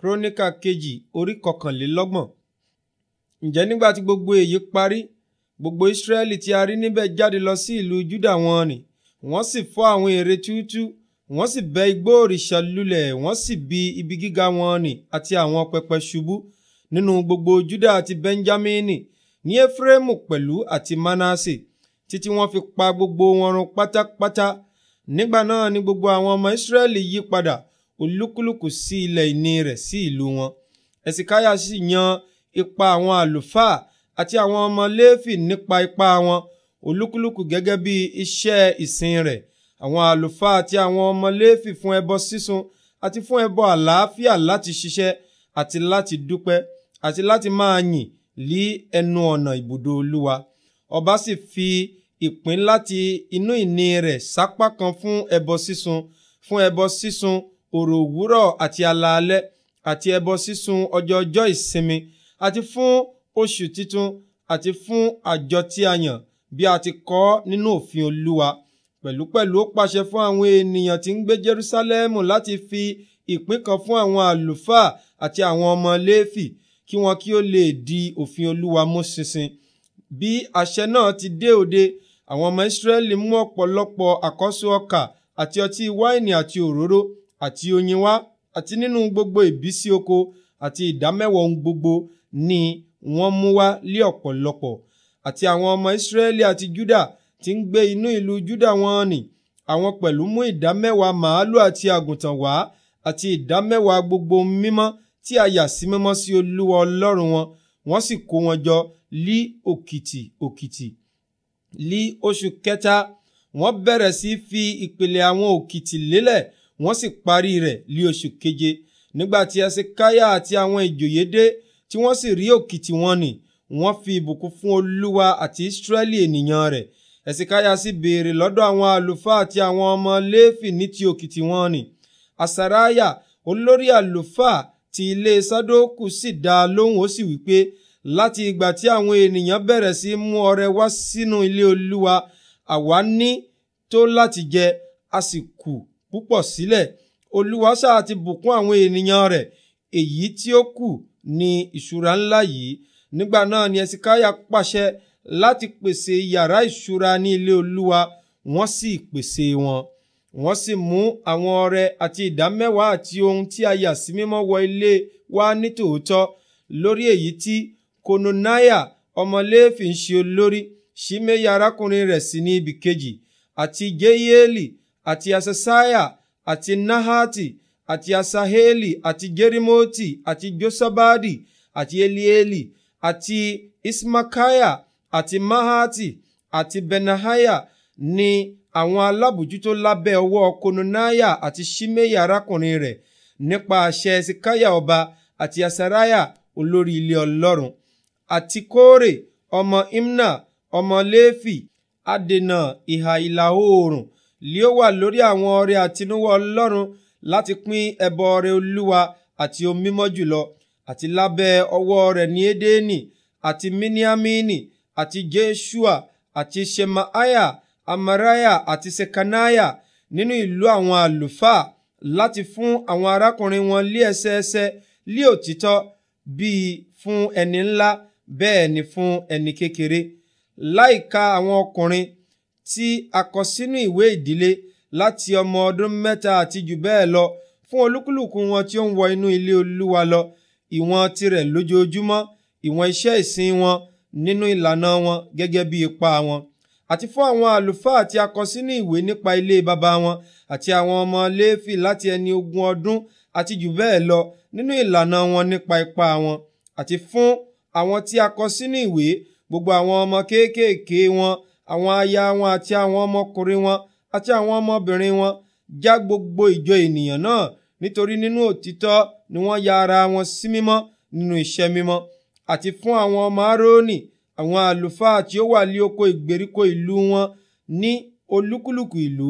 Kronika kejì orí kọkànlélọ́gbọ̀n ǹjẹ́ nígbà tí gbogbo èyí parí gbogbo Ísírẹ́lì tí a rí níbẹ̀ jáde lọ sí ìlú Júdà wọn ni wọ́n sì fọ́ àwọn ère túútúú wọ́n sì bẹ́ igbó òrìṣà lulẹ̀ wọ́n sì bi ibi gíga wọn nì àti àwọn pẹpẹ ṣubú nínú gbogbo Júdà àti Bẹ́ńjámínì ní Éfrémù pẹ̀lú àti Mánásè títí wọ́n fi pa gbogbo wọn run pátápátá nígbà náà ni gbogbo àwọn ọmọ Ísírẹ́lì yí padà olúkúlùkù sí ilẹ̀ ìní rẹ̀ sí ìlú wọn ẹ̀sìkáyà sì yan ipa àwọn àlùfáà àti àwọn ọmọ léèfì nípa ipa wọn olúkúlùkù gẹ́gẹ́ bí iṣẹ́ ìsìn rẹ̀ àwọn àlùfáà àti àwọn ọmọ léèfì fún ẹbọ sísun àti fún ẹbọ àlàáfíà láti ṣiṣẹ́ àti láti dúpẹ́ àti láti máa yìn lí ẹnu ọ̀nà ibùdó olúwa ọba sì fi ìpín láti inú ìní rẹ̀ sápá kan fún ẹbọ sísun fún ẹbọ sísun òrò òwúrọ̀ àti alaalẹ́ àti ẹbọ sísun ọjọ́ ọjọ́ ìsinmi àti fún oṣù titun àti fún àjọ tí a yàn bí a ti kọ ọ́ nínú òfin olúwa pẹ̀lúpẹ̀lú ó pàṣẹ fún àwọn ènìyàn tí ń gbé Jerúsálẹ́mù láti fi ìpín kan fún àwọn àlùfáà àti àwọn ọmọ Léfì kí wọn kí ó lè di òfin olúwa mú ṣinṣin bí àṣẹ náà ti dé òde àwọn ọmọ Ísírẹ́lì mú ọ̀pọ̀lọpọ̀ àkọ́so ọkà àti ọtí wáìnì àti òróró àti oyin wá àti nínú gbogbo ìbísí oko àti ìdámẹ́wọ̀ ohun gbogbo ni wọ́n mú wá lé ọ̀pọ̀lọpọ̀ àti àwọn ọmọ Ísírẹ́lì àti Júdà tí ń gbé inú ìlú Júdà wọn nì àwọn pẹ̀lú mú ìdámẹ́wàá màálù àti àgùntàn wá àti ìdámẹ́wàá gbogbo mímọ́ tí a yà sí mímọ́ sí Olúwa Ọlọ́run wọn wọ́n sì kó wọn jọ lí òkìtì òkìtì lí oṣù kẹta wọ́n bẹ̀rẹ̀ sí fi ìpìlẹ̀ àwọn òkìtì lélẹ̀ wọ́n sì parí rẹ̀ lé oṣù keje nígbà tí ẹsẹkáyà àti àwọn ìjòyè dé tí wọ́n sì rí òkìtì wọn nì wọ́n fi ìbùkún fún olúwa àti ìsírẹ́lì ènìyàn rẹ̀ ẹsẹkáyà sì béèrè lọ́dọ̀ àwọn àlùfáà àti àwọn ọmọ léèfì ní ti òkìtì wọn nì àsàráyà olórí àlùfáà ti ilé sádókù sì dá a lóhùn ó sì wí láti ìgbà tí àwọn ènìyàn bẹ̀rẹ̀ sí mú ọrẹ wá sínú ilé olúwa àwa ní tó láti jẹ a sì kù púpọ̀ sílẹ̀ olúwa ṣáà ti bùkún àwọn ènìyàn rẹ̀ èyí tí ó kù ní ìṣúra ńlá yìí nígbà náà ni ẹsikáyà pàṣẹ láti pèsè yàrá ìṣúra ní ilé olúwa wọ́n sì pèsè wọn wọ́n sì mú àwọn ọrẹ àti ìdámẹ́wàá àti ohun tí a yà sí mímọ́ wọ ilé wa ní tòótọ́ lórí èyí tí kononaya ọmọ Léfì ń ṣe olórí ṣímẹ́yà arákùnrin rẹ̀ sì ní ibì kejì àti jéyéèlì àti asasaya àti nahati àti asaheli àti jerimoti àti josabadi àti elieli àti ismakaya àti mahati àti benahaya ni àwọn alábòjútó lábẹ́ ọwọ́ kononaya àti shimeya arákùnrin rẹ̀ nípa àṣẹ esikaya ọba àti asaraya olórí ilé ọlọ́run àti kóòrè ọmọ imna ọmọ léfì adènà ìhà ìlà oòrùn ló wà lórí àwọn ọrẹ àtinúwá Ọlọ́run láti pín ẹbọ ọrẹ Olúwa àti ohun mímọ́ jùlọ àti lábẹ́ ọwọ́ rẹ̀ ní Édẹ́nì àti Míníámínì àti Jésùà àti Ṣemaiya Amariah àti Sekaniah nínú ìlú àwọn àlùfáà láti fún àwọn arákùnrin wọn lé ẹsẹẹsẹ lé òtítọ́ bíi fún ẹni ńlá bẹ́ẹ̀ ni fún ẹni kékeré láìka àwọn ọkùnrin tí a kọ sínú ìwé ìdílé láti ọmọ ọdún mẹ́ta àti jù bẹ́ẹ̀ lọ fún olúkúlùkù wọn tí ó ń wọ inú ilé olúwa lọ ìwọ̀n tirẹ̀ lójoojúmọ́ ìwọ̀n iṣẹ́ ìsìn wọn nínú ìlànà wọn gẹ́gẹ́ bí ipa wọn àti fún àwọn àlùfáà tí a kọ sínú ìwé nípa ilé baba wọn àti àwọn ọmọ léèfì láti ẹni ogún ọdún àti jù bẹ́ẹ̀ lọ nínú ìlànà wọn nípa ipa wọn àti fún àwọn tí a kọ sínú ìwé gbogbo àwọn ọmọ kéékèèké wọn àwọn aya wọn àti àwọn ọmọkùnrin wọn àti àwọn ọmọbìnrin wọn já gbogbo ìjọ ènìyàn náà nítorí nínú òtítọ́ ni wọ́n ya ara wọn sí mímọ́ nínú iṣẹ́ mímọ́ àti fún àwọn ọmọ Árónì àwọn àlùfáà tí ó wà lé oko ìgbèríko ìlú wọn ní olúkúlùkù ìlú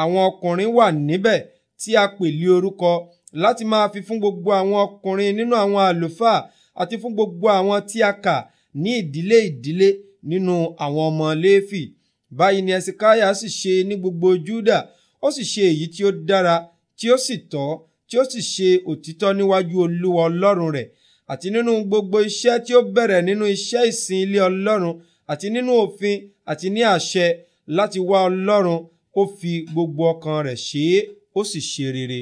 àwọn ọkùnrin wà níbẹ̀ tí a pè lé orúkọ láti máa fi fún gbogbo àwọn ọkùnrin nínú àwọn àlùfáà àti fún gbogbo àwọn tí a kà ní ìdílé ìdílé nínú àwọn ọmọ léfì báyìí ni ẹsikáyà sì ṣe ní gbogbo júdà ó sì ṣe èyí tí ó dára tí ó sì tọ́ tí ó sì ṣe òtítọ́ níwájú olúwa ọlọ́run rẹ̀ àti nínú gbogbo iṣẹ́ tí ó bẹ̀rẹ̀ nínú iṣẹ́ ìsìn ilé ọlọ́run àti nínú òfin àti ní àṣẹ láti wá ọlọ́run ó fi gbogbo ọkàn rẹ̀ ṣe é ó sì ṣe rere.